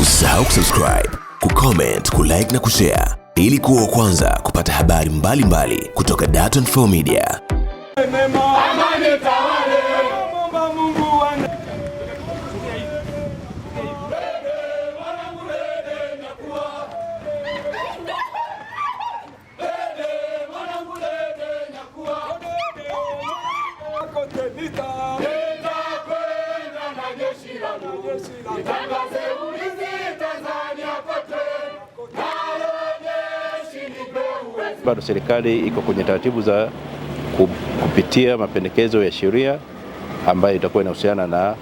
Usisahau kusubscribe, kucomment, kulike na kushare ili kuwa kwanza kupata habari mbalimbali mbali kutoka Dar24 Media. Nitakwenda bado serikali iko kwenye taratibu za kupitia mapendekezo ya sheria ambayo itakuwa inahusiana na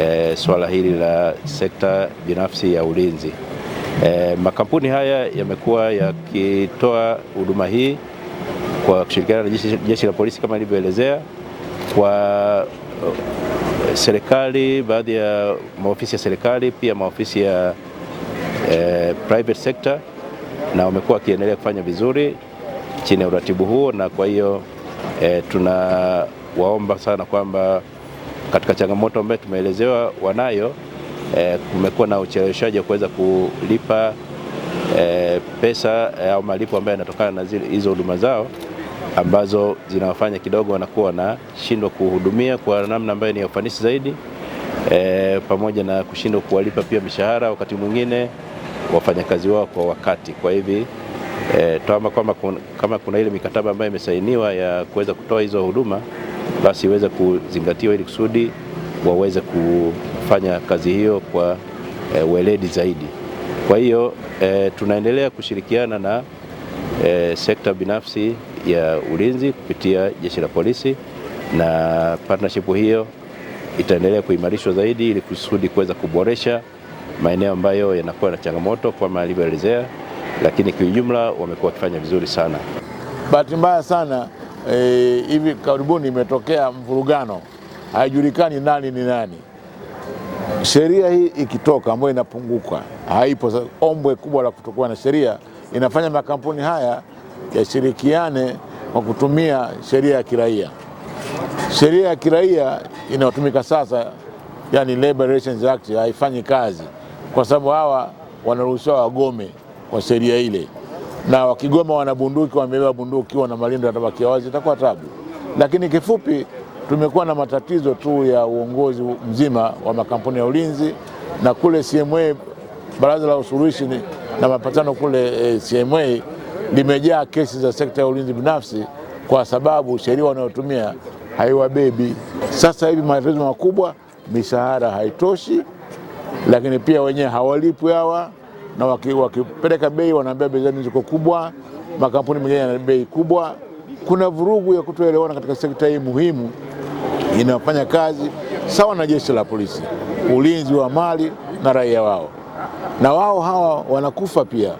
e, swala hili la sekta binafsi ya ulinzi. E, makampuni haya yamekuwa yakitoa huduma hii kwa kushirikiana na jeshi, jeshi la polisi kama ilivyoelezea kwa eh, serikali, baadhi ya maofisi ya serikali pia maofisi ya uh, private sector na wamekuwa wakiendelea kufanya vizuri chini ya uratibu huo, na kwa hiyo e, tunawaomba sana kwamba katika changamoto ambayo tumeelezewa wanayo e, kumekuwa na ucheleweshaji wa kuweza kulipa e, pesa au malipo ambayo yanatokana na hizo huduma zao ambazo zinawafanya kidogo wanakuwa wanashindwa kuhudumia kwa namna ambayo ni ya ufanisi zaidi e, pamoja na kushindwa kuwalipa pia mishahara wakati mwingine wafanyakazi wao kwa wakati kwa hivi e, eh, kama, kama kuna ile mikataba ambayo imesainiwa ya kuweza kutoa hizo huduma basi iweze kuzingatiwa ili kusudi waweze kufanya kazi hiyo kwa e, weledi zaidi. Kwa hiyo e, tunaendelea kushirikiana na e, sekta binafsi ya ulinzi kupitia Jeshi la Polisi na partnership hiyo itaendelea kuimarishwa zaidi ili kusudi kuweza kuboresha maeneo ambayo yanakuwa na changamoto kama alivyoelezea lakini kiujumla wamekuwa wakifanya vizuri sana. Bahati mbaya sana e, hivi karibuni imetokea mvurugano, haijulikani nani ni nani. Sheria hii ikitoka ambayo inapunguka haipo. Ombwe kubwa la kutokuwa na sheria inafanya makampuni haya yashirikiane kwa kutumia sheria ya kiraia. Sheria ya kiraia inayotumika sasa, yani Labor Relations Act, haifanyi kazi kwa sababu hawa wanaruhusiwa wagome kwa sheria ile, na wakigoma wana bunduki, wamebeba bunduki, wana malindo yatabakia wazi, itakuwa tabu. Lakini kifupi, tumekuwa na matatizo tu ya uongozi mzima wa makampuni ya ulinzi na kule CMA, baraza la usuluhishi na mapatano kule eh, CMA limejaa kesi za sekta ya ulinzi binafsi kwa sababu sheria wanayotumia haiwabebi. Sasa hivi matatizo makubwa, mishahara haitoshi, lakini pia wenyewe hawalipwi hawa na wakipeleka waki bei wanaambia bei zenu ziko kubwa, makampuni mengine yana bei kubwa. Kuna vurugu ya kutoelewana katika sekta hii muhimu inayofanya kazi sawa na jeshi la polisi, ulinzi wa mali na raia wao, na wao hawa wanakufa pia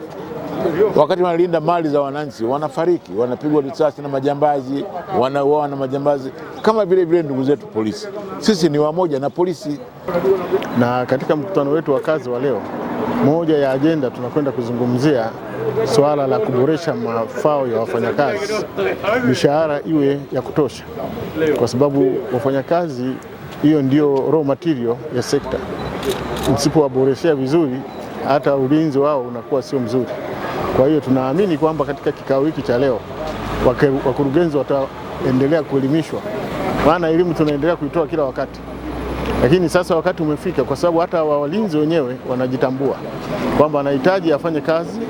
wakati wanalinda mali za wananchi wanafariki, wanapigwa risasi na majambazi, wanauawa na majambazi kama vile vile ndugu zetu polisi. Sisi ni wamoja na polisi. Na katika mkutano wetu wa kazi wa leo moja ya ajenda tunakwenda kuzungumzia suala la kuboresha mafao ya wafanyakazi, mishahara iwe ya kutosha, kwa sababu wafanyakazi, hiyo ndio raw material ya sekta. Msipowaboreshea vizuri, hata ulinzi wao unakuwa sio mzuri. Kwa hiyo tunaamini kwamba katika kikao hiki cha leo wakurugenzi wataendelea kuelimishwa, maana elimu tunaendelea kuitoa kila wakati. Lakini sasa wakati umefika, kwa sababu hata walinzi wenyewe wanajitambua kwamba anahitaji afanye kazi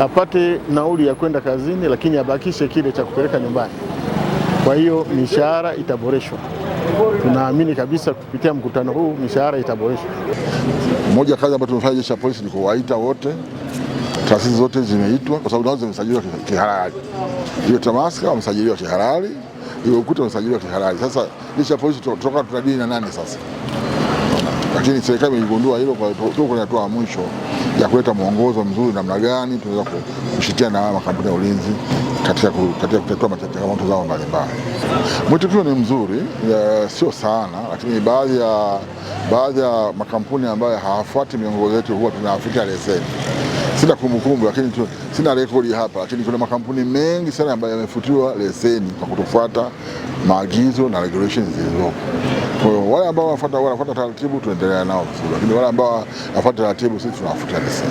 apate nauli ya kwenda kazini, lakini abakishe kile cha kupeleka nyumbani. Kwa hiyo mishahara itaboreshwa, tunaamini kabisa kupitia mkutano huu mishahara itaboreshwa. Moja kazi ambayo tumefanya jeshi la polisi ni kuwaita wote, taasisi zote zimeitwa, kwa sababu nazo zimesajiliwa kihalali. Hiyo TAMASCA wamesajiliwa kihalali ukuta unasajiliwa kihalali. Sasa licha polisi toka tunadili na nani sasa? Lakini serikali imegundua hilo, kwa hiyo kuna hatua ya mwisho ya kuleta mwongozo mzuri, namna gani tunaweza kushirikiana na makampuni ya ulinzi katika kutatua changamoto zao mbalimbali. Mwitikio ni mzuri, sio sana, lakini baadhi ya baadhi ya makampuni ambayo hawafuati miongozo yetu huwa tunawafikia leseni sina kumbukumbu, lakini tu, sina rekodi hapa, lakini kuna makampuni mengi sana ambayo yamefutiwa leseni kwa kutofuata maagizo na regulations zilizopo. Kwa hiyo wale ambao wanafuata taratibu tunaendelea nao vizuri, lakini wale ambao wanafuata taratibu sisi tunawafutia leseni.